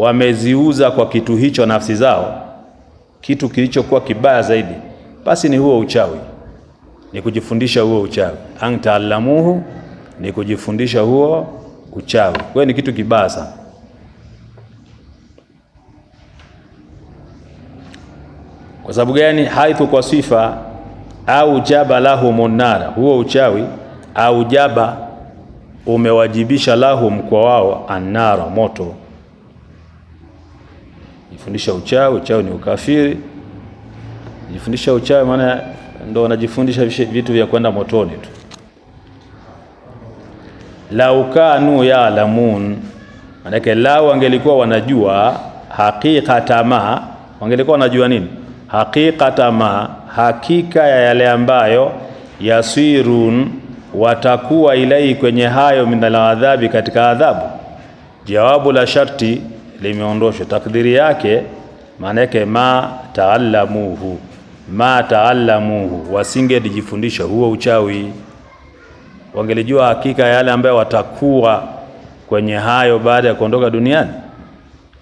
wameziuza kwa kitu hicho nafsi zao, kitu kilichokuwa kibaya zaidi, basi ni huo uchawi, ni kujifundisha huo uchawi. antaallamuhu ni kujifundisha huo uchawi, kwa ni kitu kibaya sana. Kwa sababu gani? haithu kwa sifa au jaba lahum nara, huo uchawi au jaba umewajibisha lahum kwa wao annara, moto kujifundisha uchawi. Uchawi ni ukafiri. Kujifundisha uchawi maana ndo wanajifundisha vitu vya kwenda motoni tu. Lau kanu yaalamun, maanake lau wangelikuwa wanajua haqiqata ma, wangelikuwa wanajua nini? Haqiqata ma, hakika ya yale ambayo yasirun, watakuwa ilai kwenye hayo, minal adhabi, katika adhabu. Jawabu la sharti limeondoshwa takdiri yake, maana yake ma taallamuhu, ma taallamuhu, wasingelijifundisha huo uchawi, wangelijua hakika yale ambayo watakuwa kwenye hayo baada ya kuondoka duniani,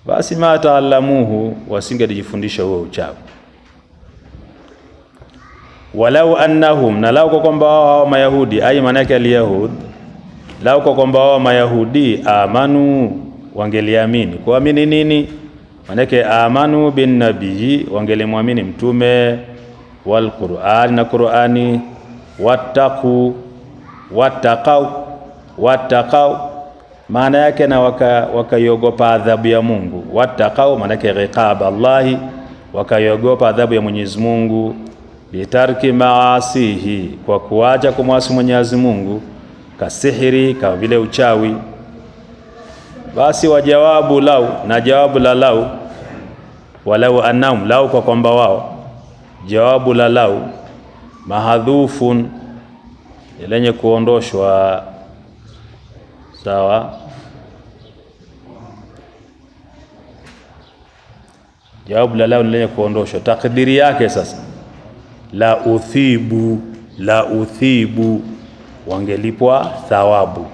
basi ma taallamuhu, wasingelijifundisha huo uchawi. Walau annahum, na lau kwa kwamba wao Mayahudi, ai maana yake alyahud, lau kwa kwamba wao Mayahudi amanu wangeliamini. Kuamini nini? maanake amanu bin nabii, wangelimwamini mtume wal Qur'an na Qur'ani, wattaqu wattaqau wattaqau maana yake na wakaiogopa waka adhabu ya Mungu. Wattaqau maana yake riqab Allahi, wakaiogopa adhabu ya Mwenyezi Mungu bitarki maasihi, kwa kuacha kumwasi Mwenyezi Mungu, kasihiri, kama vile uchawi basi wajawabu lau na jawabu la lau, walau annahum, lau kwa kwamba wao, jawabu la lau mahadhufun, lenye kuondoshwa sawa. Jawabu la lau lenye kuondoshwa, takdiri yake sasa, la uthibu, la uthibu, wangelipwa thawabu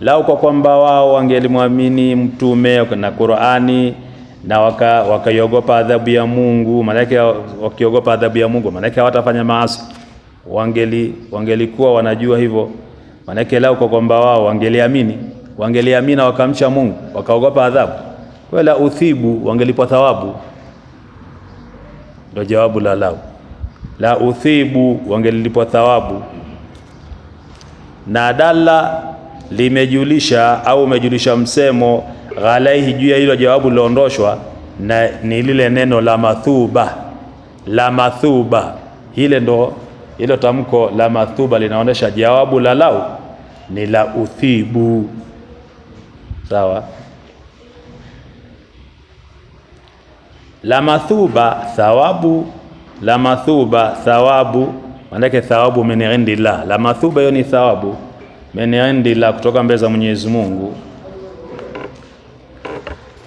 lau kwa kwamba wao wangelimwamini mtume na Qur'ani na wakaiogopa waka adhabu ya Mungu, maanake wakiogopa adhabu ya Mungu, maanake hawatafanya maasi. Wangeli wangelikuwa wanajua hivyo, maanake lau kwa kwamba wao wangeliamini, wangeliamini wakamcha Mungu, wakaogopa adhabu, wala uthibu, wangelipwa thawabu. Ndio jawabu la lau la uthibu, wangelipwa thawabu na dala limejulisha au umejulisha msemo ghalaihi, juu ya hilo jawabu liloondoshwa na ni lile neno la mathuba, la mathuba. Hile ndo hilo tamko la mathuba linaonyesha jawabu la lau ni la uthibu. Sawa, la mathuba thawabu, la mathuba thawabu, maanake thawabu min indillah, la mathuba hiyo ni thawabu meneandi la kutoka mbele za Mwenyezi Mungu,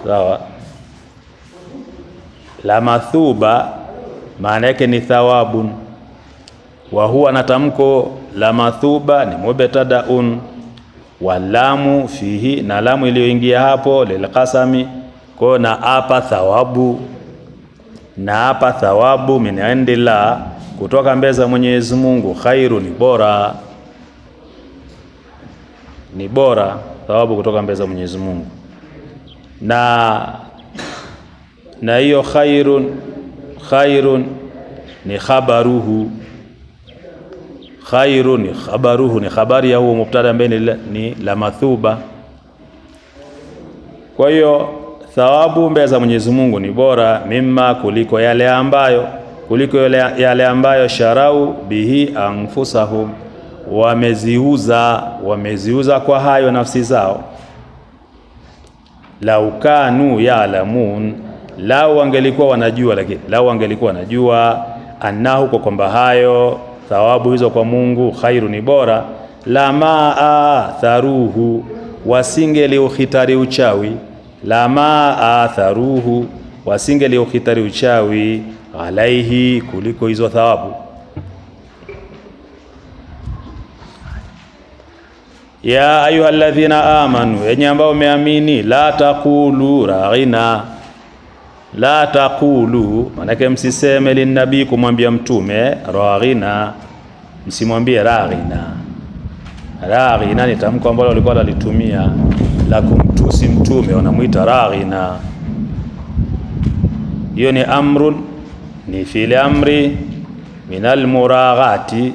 sawa. La mathuba maana yake ni thawabun, wa huwa na tamko la mathuba ni mubtadaun, walamu fihi, na lamu iliyoingia hapo lilqasami, kwa na apa thawabu, na apa thawabu min indillah, kutoka mbele za Mwenyezi Mungu, khairu ni bora ni bora thawabu kutoka mbele za Mwenyezi Mungu, na na hiyo khairun khairun ni khabaruhu khairun ni khabaruhu ni khabari ya huo mubtada ambaye ni la mathuba. Kwa hiyo thawabu mbele za Mwenyezi Mungu ni bora mimma, kuliko yale ambayo kuliko yale ambayo sharau bihi anfusahum wameziuza wameziuza kwa hayo nafsi zao. Lau kanu yaalamun, lau wangelikuwa wanajua, lakini lau wangelikuwa wanajua annahu, kwa kwamba hayo thawabu hizo kwa Mungu khairu ni bora, lama atharuhu, wasingeliukhitari uchawi, lama atharuhu, wasingeliukhitari uchawi alaihi, kuliko hizo thawabu ya ayuha alladhina amanu, enye ambao umeamini. La taqulu ra'ina, la taqulu manake msiseme, linabii, kumwambia mtume. ra'ina, msimwambie ra'ina. Ra'ina ni tamko ambalo walikuwa lalitumia la kumtusi mtume, wanamwita ra'ina. Hiyo ni amrun, ni fil amri minal almuraghati,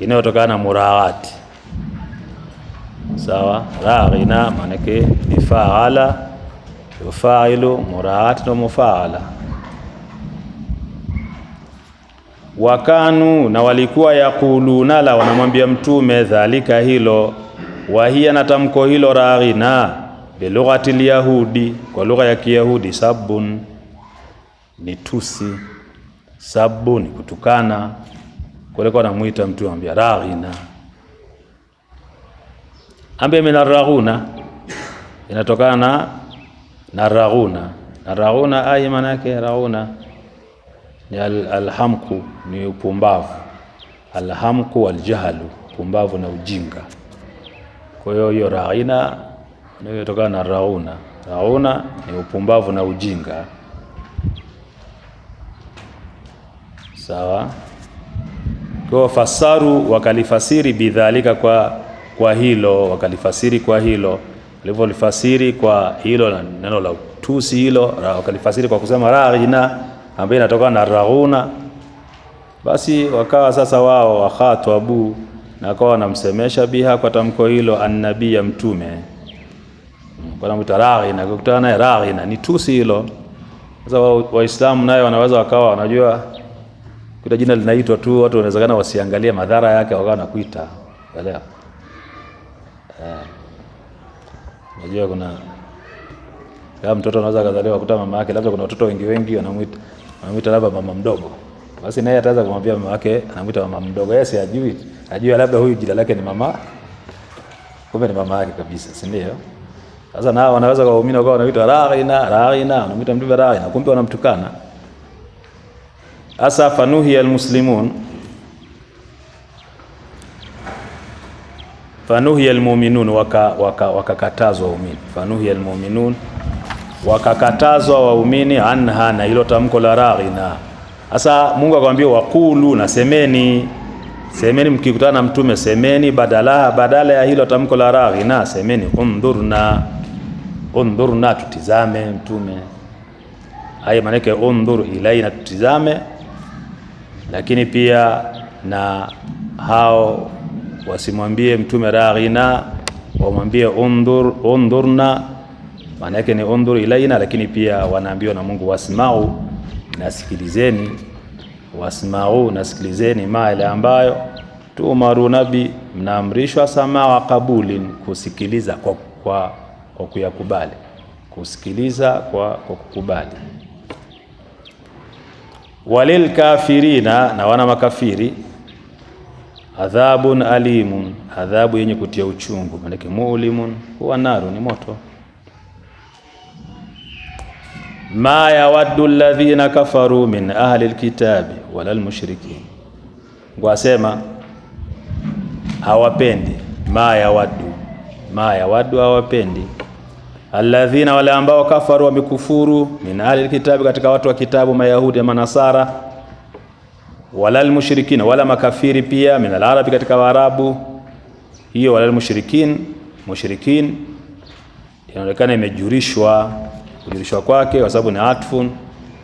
inayotokana na muraghati sawa. La ghina maana ni faala, yufailu, muraati na mufaala. Wakanu na walikuwa yakuluna la wanamwambia Mtume dhalika hilo, wahiya na tamko hilo, raghina bilughati lyahudi, kwa lugha ya Kiyahudi, sabun ni tusi, sabu ni kutukana, kulikuwa namwita mtu anambia raghina ambaye minarraghuna inatokana na narraghuna narraghuna ai, maana yake raghuna ni alhamku, ni upumbavu. Alhamku waljahlu, upumbavu na ujinga. Kwa hiyo hiyo raghina ndio na raghuna. Raghuna ni upumbavu na ujinga, sawa. Kwa fasaru wakalifasiri bidhalika kwa kwa hilo, wakalifasiri kwa hilo, walivyolifasiri kwa hilo na neno la utusi hilo, wakalifasiri kwa kusema raghina, ambayo inatokana na raghuna. Basi wakawa sasa wao wakhatwabu na kwa wanamsemesha biha kwa tamko hilo, annabii ya mtume kwa raghina, kukutana naye raghina ni tusi hilo. Sasa Waislamu wa nayo wanaweza wakawa wanajua kuta jina linaitwa tu, watu wanawezekana wasiangalie madhara yake, wakawa nakuita, elewa Eh. Unajua eh, kuna kama mtoto anaweza kuzaliwa akuta mama yake labda kuna watoto wengi wengi wanamuita wanamuita labda mama mdogo, basi naye ataweza kumwambia mama yake anamuita mama mdogo, yeye si ajui, ajua labda huyu jina lake ni mama, kumbe ni mama yake kabisa, si ndio? Sasa nao wanaweza kwa wakawa wanaitwa Raina, Raina, wanamuita mtu Raina, kumbe wanamtukana. Asa fanuhi almuslimun fanuhiya almu'minun, wakakatazwa waka, waka waumini fanuhiya almu'minun, wakakatazwa waumini anha, na hilo tamko la raghina. Sasa Mungu akamwambia waqulu, na semeni semeni, mkikutana na mtume semeni, badala badala ya hilo tamko la raghina semeni undhurna, undhurna, tutizame mtume. Haya maanake undhur ilaina, tutizame, lakini pia na hao wasimwambie mtume raghina, wamwambie undur, undhurna, maana yake ni undhur ilaina, lakini pia wanaambiwa na Mungu wasmau, nasikilizeni, wasmau, nasikilizeni, ma ile ambayo tumaru nabi, mnaamrishwa samawa kabulin, kusikiliza kwa, kwa, kwa kuyakubali, kusikiliza kwa, kwa kukubali walil kafirina, na wana makafiri adhabun alimun, adhabu yenye kutia uchungu. Maanake mulimun huwa naru, ni moto. Ma yawaddu alladhina kafaru min ahli alkitabi wala almushrikin, ngwasema hawapendi. Ma yawaddu, ma yawaddu, hawapendi alladhina, wale ambao kafaru, wamekufuru, min ahli alkitabi, katika watu wa kitabu, Mayahudi na Manasara wala almushrikina, wala makafiri pia, min alarabi, katika Waarabu. Hiyo wala almushrikin, mushrikin inaonekana imejurishwa, kujurishwa kwake kwa sababu ni atfun,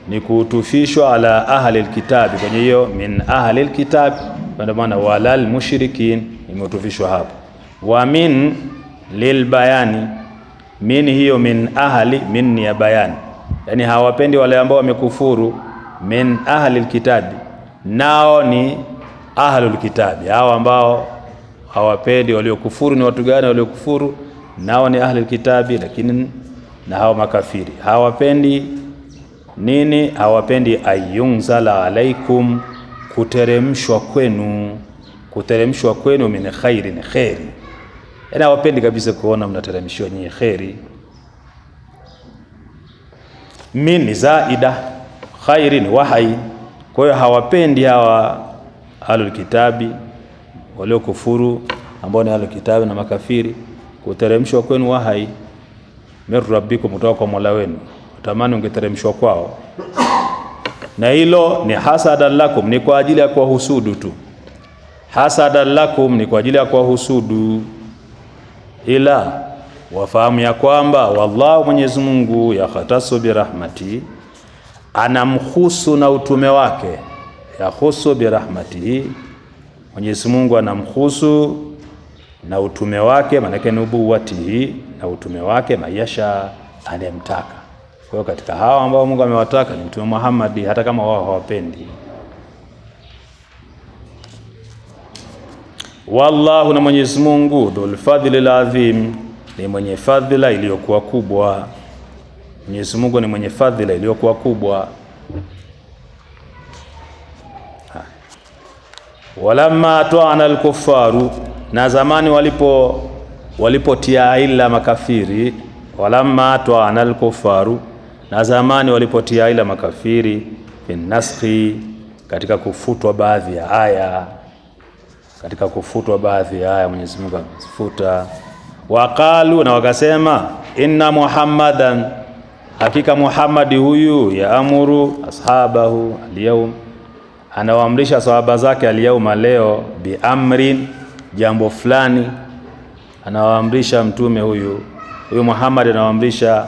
ni kutufishwa ala ahli alkitabi, kwenye hiyo min ahli alkitabi, ndio maana wala almushrikin imetufishwa hapo. Wa min lilbayani, min hiyo min ahli, min ya bayani, yani hawapendi wale ambao wamekufuru, min ahli alkitabi nao ni ahlul kitabi, hao ambao hawapendi waliokufuru. Ni watu gani waliokufuru? Nao ni ahlul kitabi, lakini na hao makafiri hawapendi nini? Hawapendi ayunzala alaikum, kuteremshwa kwenu, kuteremshwa kwenu min khairin, kheri. Yaani hawapendi kabisa kuona mnateremshiwa nyinyi kheri. Min zaida khairin wahai kwa hiyo hawapendi hawa ahlul kitabi kufuru ambao ni ahlul kitabi na makafiri, kuteremshwa kwenu wahai min rabbikum, kutoka kwa Mola wenu, utamani ungeteremshwa kwao, na hilo ni hasada lakum, ni kwa ajili ya kuwahusudu tu. hasada lakum ni kwa ajili ya kuwahusudu, ila wafahamu ya kwamba wallahu, Mwenyezi Mungu yakhatasu birahmati anamhusu na utume wake, yahusu birahmatihi, Mwenyezi Mungu anamhusu na utume wake, maanake nubuwatihi, na utume wake mayasha anayemtaka. Kwa hiyo katika hawa ambao Mungu amewataka ni Mtume Muhammad, hata kama wao hawapendi. Wallahu, na Mwenyezi Mungu dhul ladhim, ni mwenye fadhila iliyokuwa kubwa Mwenyezi Mungu ni mwenye fadhila iliyokuwa kubwa. Walamma atwana alkufaru, na zamani walipo walipotia ila makafiri. Walamma atwana alkufaru, na zamani walipotia ila makafiri finnaskhi, katika kufutwa baadhi ya aya, katika kufutwa baadhi ya aya Mwenyezi Mungu amezifuta. Waqalu, na wakasema inna Muhammadan Hakika Muhammadi huyu yaamuru ashabahu alyaum, anawaamrisha sahaba zake alyauma, leo biamrin, jambo fulani anawaamrisha mtume huyu huyu Muhammad anawaamrisha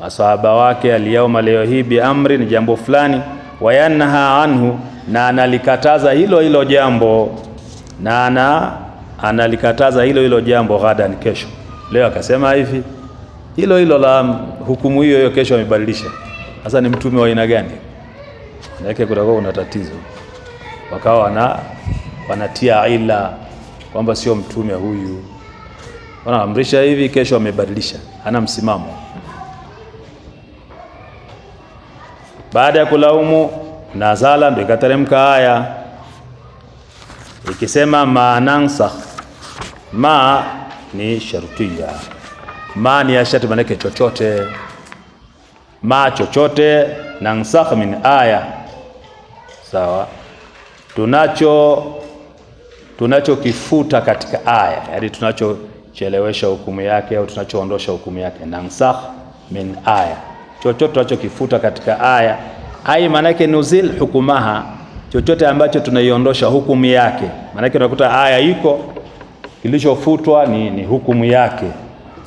masahaba wake alyauma, leo hii biamrin, jambo fulani wayanha anhu, na analikataza hilo hilo jambo na ana analikataza hilo hilo jambo ghadan, kesho. Leo akasema hivi hilo hilo la hukumu hiyo hiyo, kesho amebadilisha. Sasa ni mtume wa aina gani? Maanake kutakuwa kuna tatizo, wakawa wana wanatia ila kwamba sio mtume huyu, wanaamrisha hivi, kesho amebadilisha, hana msimamo. Baada ya kulaumu nazala, ndo ikateremka haya ikisema ma nansakh, ma ni shartiya mani ya shati manake chochote, ma chochote, na nsakh min aya sawa, tunacho tunachokifuta katika aya, yaani tunachochelewesha hukumu yake au tunachoondosha hukumu yake. Na nsakh min aya, chochote tunachokifuta katika aya ai, maanake nuzil hukumaha, chochote ambacho tunaiondosha hukumu yake. Maanake unakuta aya iko, kilichofutwa ni, ni hukumu yake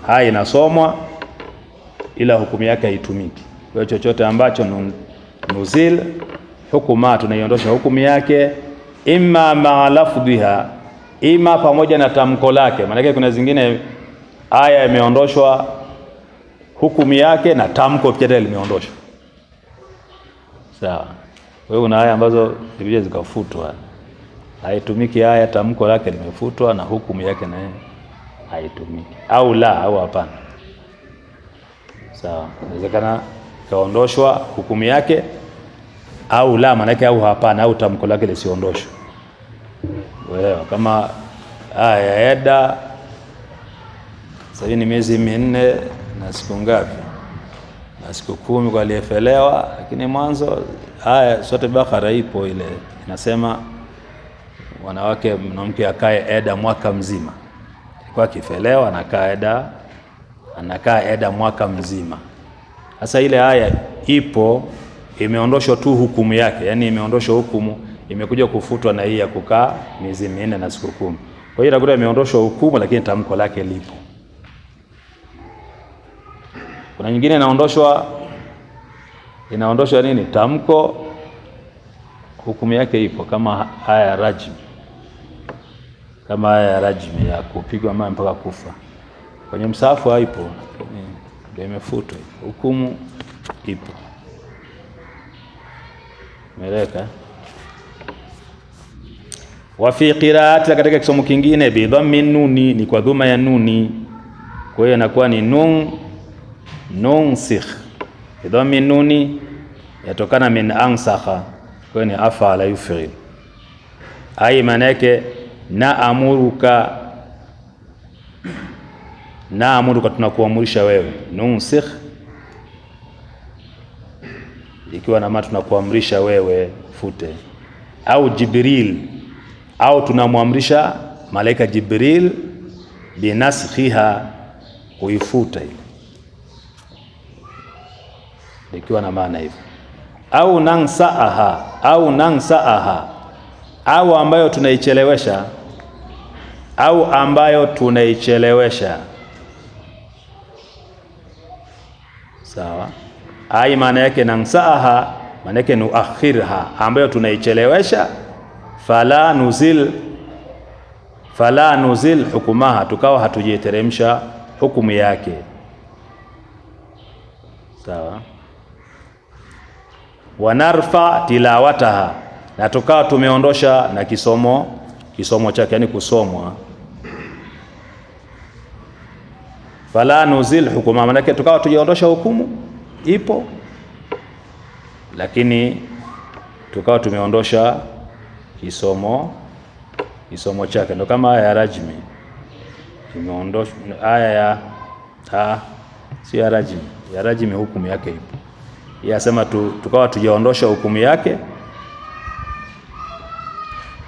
haya inasomwa ila hukumu yake haitumiki. Kwa chochote ambacho nuzil hukuma, tunaiondosha hukumu yake, imma maa lafdhiha, ima pamoja na tamko lake. Maanake kuna zingine aya imeondoshwa hukumu yake na tamko pia limeondoshwa, sawa. Kwa hiyo kuna aya ambazo zilikuja zikafutwa, haitumiki aya, tamko lake limefutwa na hukumu yake nae haitumiki au la au hapana. Sawa, inawezekana kaondoshwa hukumu yake au la, maanake au hapana, au tamko lake lisiondoshwe. Uelewa kama haya eda sasa ni miezi minne na siku ngapi na siku kumi kwa aliyefelewa. Lakini mwanzo haya sote Bakara ipo ile inasema wanawake mwanamke akae eda mwaka mzima kwa akifelewa anakaa eda, anakaa eda mwaka mzima. Sasa ile aya ipo imeondoshwa tu hukumu yake, yani imeondoshwa hukumu, imekuja kufutwa na hii ya kukaa miezi minne na siku kumi. Kwa hiyo nakuta imeondoshwa hukumu, lakini tamko lake lipo. Kuna nyingine inaondoshwa, inaondoshwa nini? Tamko, hukumu yake ipo, kama haya rajmi kama haya ya rajmi ya kupigwa mawe mpaka kufa. Kwenye msaafu haipo, ndio imefutwa hukumu, ipo meleka wa fi qiraati. Katika kisomo kingine bi dhammi nuni, ni kwa dhuma ya nuni, kwa hiyo inakuwa ni nun nunsikh. Bi dhammi nuni yatokana min ansakha, kwa hiyo ni afala yufghil ai maana yake na amuruka na amuruka, tunakuamurisha wewe. Nunsikh ikiwa na maana tunakuamrisha wewe fute, au Jibril, au tunamwamrisha malaika Jibril binaskhiha, kuifuta ikiwa na maana hivyo, au nansaaha, au nansaaha au ambayo tunaichelewesha au ambayo tunaichelewesha sawa. Ai maana yake nansaaha, maana yake nuakhirha, ambayo tunaichelewesha. Fala nuzil, fala nuzil hukumaha, tukawa hatujiteremsha hukumu yake sawa. Wanarfa tilawataha na tukawa tumeondosha na kisomo kisomo chake, yani kusomwa fala nuzil hukuma, manake tukawa tujaondosha hukumu ipo, lakini tukawa tumeondosha kisomo kisomo chake. ndo kama aya ya rajmi tumeondosha aya ya ha, si ya rajmi ya rajmi, hukumu yake ipo. yasema asema tu, tukawa tujaondosha hukumu yake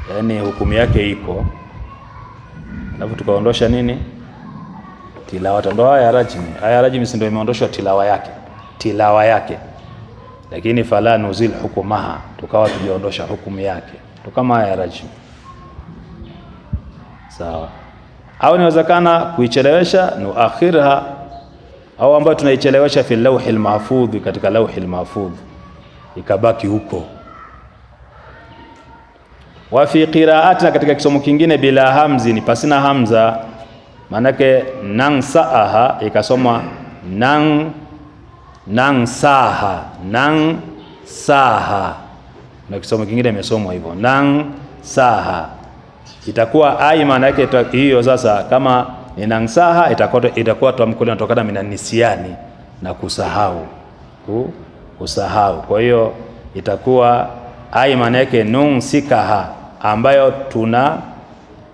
yaani hukumu yake iko, alafu tukaondosha nini tilawa, ndo haya rajmi. Haya rajmi si ndio imeondoshwa tilawa yake, tilawa yake, lakini fala nuzil hukumaha, tukawa tujaondosha hukumu yake, tukama haya rajmi sawa. Au inawezekana kuichelewesha nuakhirha, au ambayo tunaichelewesha fi lauhi lmahfudhi, katika lauhi lmahfudhi ikabaki huko wa fi qiraatina, katika kisomo kingine bila hamzi, ni pasina hamza, maanake nansaaha ikasomwa nang nansaha nang saha, na kisomo kingine imesomwa hivyo nang saha, itakuwa ai, maana yake hiyo. Sasa kama ni nansaha, itakuwa itakuwa tamko linatokana nisiani na kusahau kusahau. Kwa hiyo itakuwa ai, maana yake sikaha ambayo tuna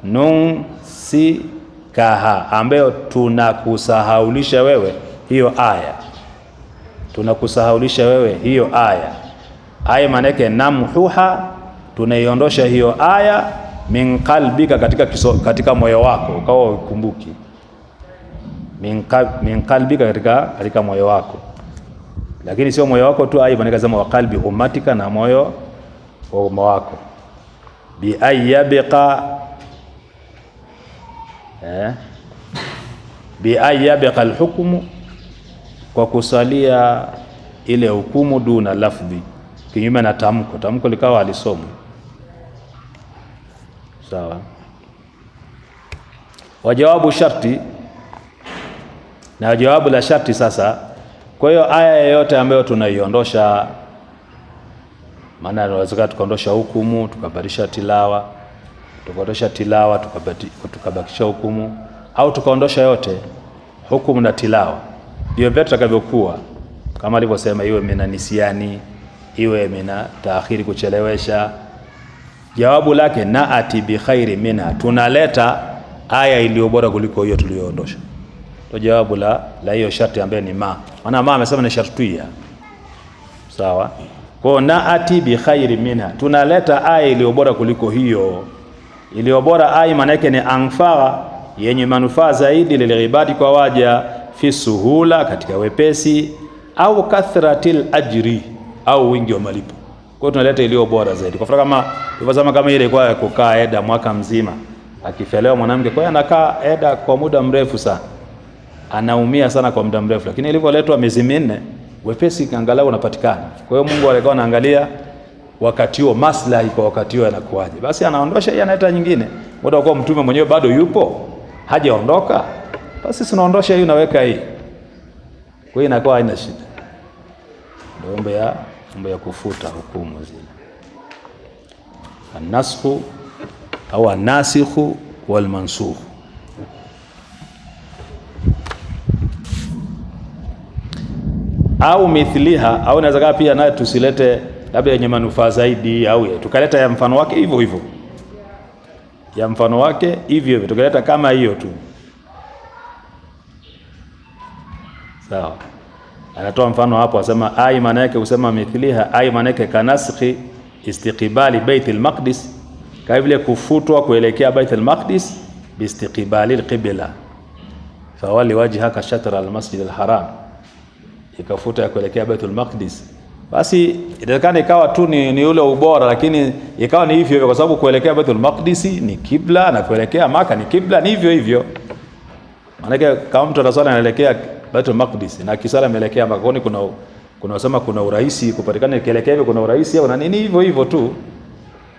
nusikaha, ambayo tunakusahaulisha wewe hiyo aya, tunakusahaulisha wewe hiyo aya. Aya maanake namhuha, tunaiondosha hiyo aya min qalbika, katika, katika moyo wako ukawa ukumbuki min qalbika katika, katika moyo wako, lakini sio moyo wako tu. Aya maana sema wa qalbi ummatika, na moyo wa umma wako bi ay yabqa eh, bi ay yabqa alhukmu, kwa kusalia ile hukumu duna lafdhi, kinyume na tamko. Tamko likawa alisoma sawa. Wajawabu sharti na jawabu la sharti sasa. Kwa hiyo aya yoyote ambayo tunaiondosha maana inawezekana tukaondosha hukumu tukabadilisha tilawa, tukaondosha tilawa tukabakisha hukumu, au tukaondosha yote hukumu na tilawa, vyote tutakavyokuwa, kama alivyosema, iwe mina nisiani, iwe mina taakhiri, kuchelewesha, jawabu lake naati bi khairi minha, tunaleta aya iliyo bora kuliko hiyo tuliyoondosha. Ndio jawabu la hiyo sharti ambayo ni ma, maana ma amesema ni ya sawa. Kwa naati bi khairi minha, tunaleta aya iliyo bora kuliko hiyo. Iliyo bora aya maana yake ni anfaa, yenye manufaa zaidi ibadi, kwa waja, fi suhula, katika wepesi, au kathratil ajri, au wingi wa malipo. Kwa tunaleta iliyo bora zaidi. Kwa mfano kama ilivyosema, kama ile kwa kukaa eda mwaka mzima, akifelewa mwanamke, kwa hiyo anakaa eda kwa muda mrefu sana, anaumia sana kwa muda mrefu, lakini ilivyoletwa miezi minne wepesi angalau unapatikana. Kwa hiyo Mungu alikuwa anaangalia wakati huo maslahi kwa wakati huo yanakuaje, basi anaondosha hii analeta nyingine. Muda kwa mtume mwenyewe bado yupo hajaondoka, basi sinaondosha hii unaweka hii, kwa hiyo inakuwa haina shida. Ndio ya mambo ya kufuta hukumu zile, anasku au anasikhu wal mansukh au mithliha, au naweza kaa pia naye tusilete labda yenye manufaa zaidi, au tukaleta ya mfano wake hivyo hivyo, ya mfano wake hivyo hivyo, tukaleta kama hiyo tu. Sawa, anatoa mfano hapo, asema ai, maana yake usema mithiliha, ai, maana yake kanaskhi istiqbali Bait al-Maqdis, kama vile kufutwa kuelekea Bait al-Maqdis biistiqbali al-qibla, fawali wajhaka shatra al-masjid al-haram ikafuta ya kuelekea Baitul Maqdis, basi inawezekana ikawa tu ni, ni ule ubora, lakini ikawa ni hivyo hivyo, kwa sababu kuelekea Baitul Maqdis ni kibla na kuelekea Maka ni kibla, ni hivyo hivyo. Maana kama mtu ataswali anaelekea Baitul Maqdis na kisala ameelekea Maka, kwani kuna kuna wasema kuna urahisi kupatikana ikielekea hivyo, kuna urahisi au na nini, hivyo hivyo tu,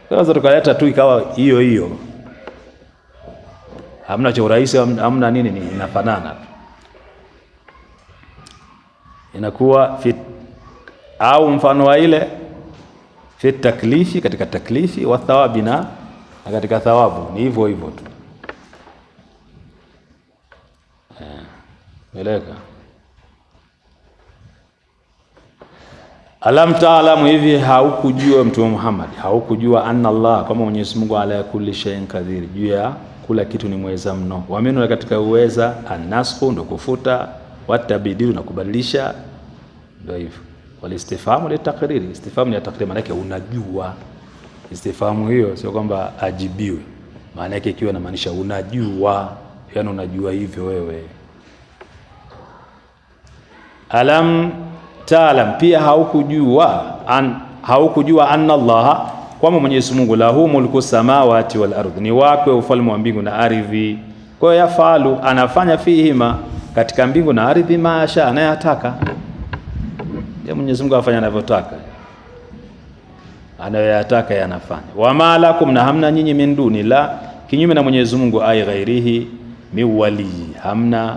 sasa tukaleta tu ikawa hiyo hiyo, hamna cha urahisi, hamna nini, ni inafanana tu inakuwa fit, au mfano wa ile fit taklifi, katika taklifi wa thawabi, na katika thawabu ni hivyo hivyo tu. Meleka eh, alam taalamu, hivi haukujua Mtume Muhammad, haukujua anna Allah, kama Mwenyezi Mungu ala kulli shay'in kadhiri, juu ya kula kitu ni mweza mno. Waamini katika uweza, anasku ndo kufuta watabdilu na kubadilisha, ndio hivyo. Wal istifhamu li takriri, istifhamu ya takriri, maana yake unajua. Istifhamu hiyo sio kwamba ajibiwe, maana yake ikiwa inamaanisha unajua, yani unajua hivyo wewe. Alam taalam, pia haukujua an haukujua anna Allah kwamba Mwenyezi Mungu lahu mulku samawati wal ardhi, ni wake ufalme wa mbingu na ardhi. Kwa hiyo yafalu, anafanya fihima katika mbingu na ardhi maasha anayataka. Ya Mwenyezi Mungu afanya anavyotaka, anayoyataka yanafanya. wamalakum na hamna nyinyi, min duni la, kinyume na Mwenyezi Mungu, ai ghairihi, mi walii, hamna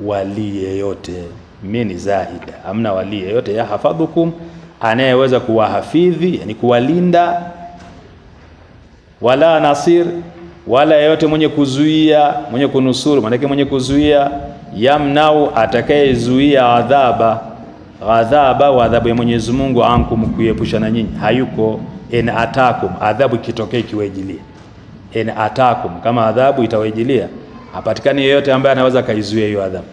walii yeyote mini zahida, hamna walii yeyote yahafadhukum, anayeweza kuwahafidhi, yani kuwalinda, wala nasir wala yeyote mwenye kuzuia, mwenye kunusuru, maanake mwenye kuzuia, yamnau, atakayezuia adhaba, adhaba wa adhabu ya Mwenyezi Mungu, ankum, kuepusha na nyinyi, hayuko. En atakum, adhabu ikitokea ikiwajilia, en atakum, kama adhabu itawejilia, hapatikani yeyote ambaye anaweza kaizuia hiyo adhabu.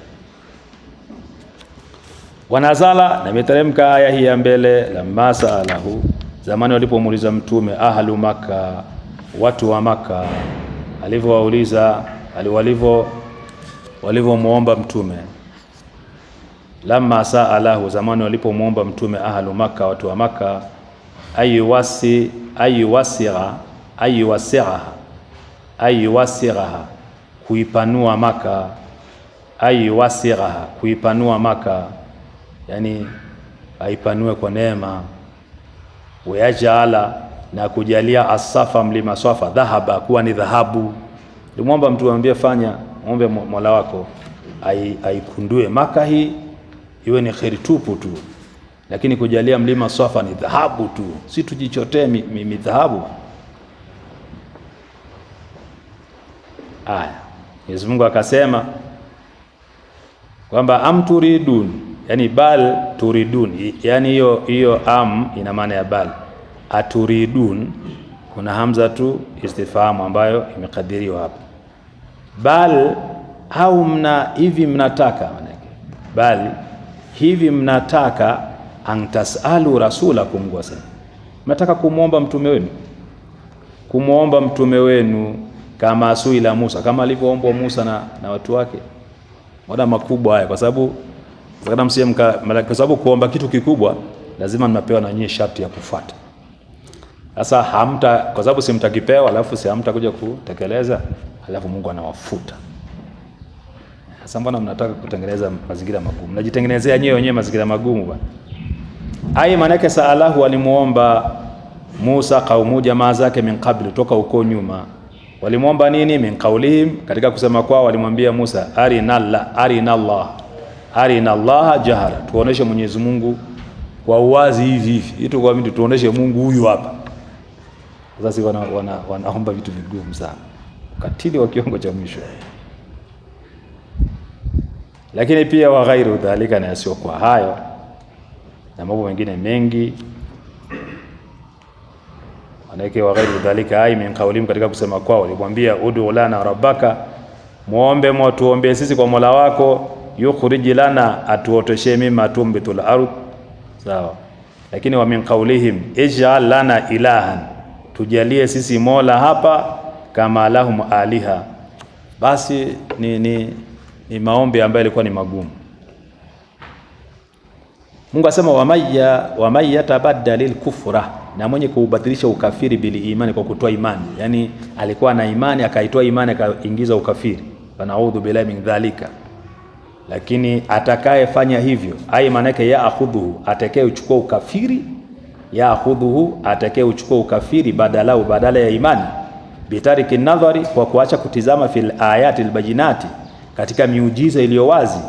Wanazala na imeteremka aya hii ya mbele, lamma saalahu, zamani walipomuuliza Mtume ahlu Maka, watu wa Maka alivyowauliza walivyomwomba mtume lama saalahu, zamani walipomwomba mtume ahlu Makka, watu wa Makka, ayuwasi ayuwasiha ayuwasiha ayuwasiha, kuipanua Makka, ayuwasiha kuipanua Makka, yani aipanue kwa neema, wayajala na kujalia asafa mlima swafa dhahaba kuwa ni dhahabu. Limwomba mtu amwambie fanya muombe Mola wako aikundue Maka hii iwe ni kheri tupu tu, lakini kujalia mlima swafa ni dhahabu tu, si tujichotee midhahabu mi, mi aya. Mwenyezi Mungu akasema kwamba am turidun, yani bal turidun, yani hiyo hiyo am ina maana ya bal aturidun, kuna hamza tu istifhamu ambayo imekadiriwa hapa. Bal au mna hivi mnataka, manake bal hivi mnataka antasalu rasulakum, gwasema mnataka kumwomba mtume wenu, kumwomba mtume wenu kama suila Musa, kama alivyoombwa Musa na, na watu wake. Mada makubwa haya, kwa sababu kwa sababu kuomba kitu kikubwa lazima mnapewa na nyinyi sharti ya kufuata. Sasa hamta kwa sababu si mtakipewa, alafu si hamta kuja kutekeleza, alafu Mungu anawafuta. Sasa mbona mnataka kutengeneza mazingira magumu? Mnajitengenezea nyewe wenyewe mazingira magumu bwana. Ai, maanake saalahu alimuomba Musa kaumu jamaa zake min qabli, toka uko nyuma walimuomba nini? Min qaulihim, katika kusema kwao walimwambia Musa arinalla arinallah arinallah jahara, tuoneshe Mwenyezi Mungu kwa uwazi hivi hivi, kwa ituamini tuoneshe Mungu huyu hapa Wazazi wana, wana, wana vitu vigumu sana, ukatili wa kiwango cha mwisho. Lakini pia wa ghairu dhalika, na kwa hayo na mambo mengine mengi manake wa ghairu dhalika ai min qawlihim, katika kusema kwao walimwambia udu lana rabbaka, muombe mwatuombe sisi kwa Mola wako, yukhrij lana, atuotoshe mima tumbitul ardh, sawa. Lakini wa min qawlihim ij'al lana ilahan tujalie sisi Mola hapa kama lahum aliha. Basi ni, ni, ni maombi ambayo yalikuwa ni magumu. Mungu asema waman tabaddalil kufra, na mwenye kuubadilisha ukafiri bili imani, kwa kutoa imani. Yani alikuwa na imani akaitoa imani akaingiza ukafiri, fanaudhu billahi min dhalika. Lakini atakayefanya hivyo ai, ya akhudhu, atakayechukua ukafiri yahudhuhu uchukua ukafiri badalau badala ya imani, bitariki nadhari, kwa kuacha kutizama, fil ayati albajinati, katika miujiza iliyo wazi.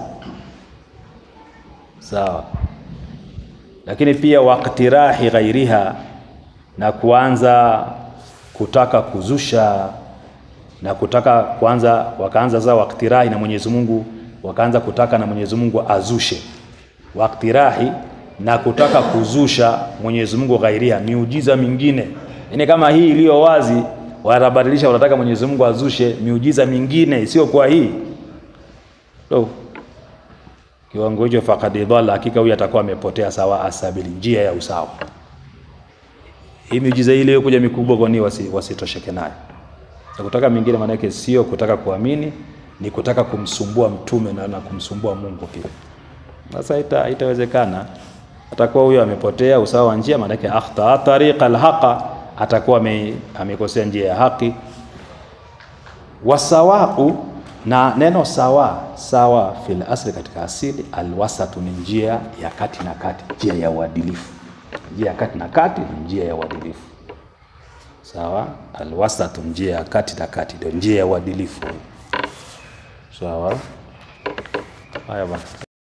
Sawa. Lakini pia waktirahi ghairiha, na kuanza kutaka kuzusha na kutaka kuanza, wakaanza za waqtirahi na Mwenyezi Mungu, wakaanza kutaka na Mwenyezi Mungu azushe waktirahi na kutaka kuzusha Mwenyezi Mungu ghairia, miujiza mingine. Yaani kama hii iliyo wazi watabadilisha wanataka Mwenyezi Mungu azushe miujiza mingine kwa hii. So, kiwango hicho faqad dhalla, hakika huyu atakuwa amepotea sawa asabili, njia ya usawa. Hii miujiza ile kuja mikubwa, kwa nini wasi, wasitosheke nayo? Na kutaka mingine maana yake sio kutaka kuamini, ni kutaka kumsumbua mtume na, na kumsumbua Mungu pia. Sasa ita atakuwa huyo amepotea usawa wa njia, maanake akhta tariq alhaqa, atakuwa amekosea njia ya haki. wasawau na neno sawa sawa fil asli, katika asili, alwasatu ni njia ya kati na kati, njia ya uadilifu. Njia ya kati na kati ni njia ya uadilifu. Sawa, alwasatu, njia ya kati na kati, ndio njia ya uadilifu. Sawa, haya basi.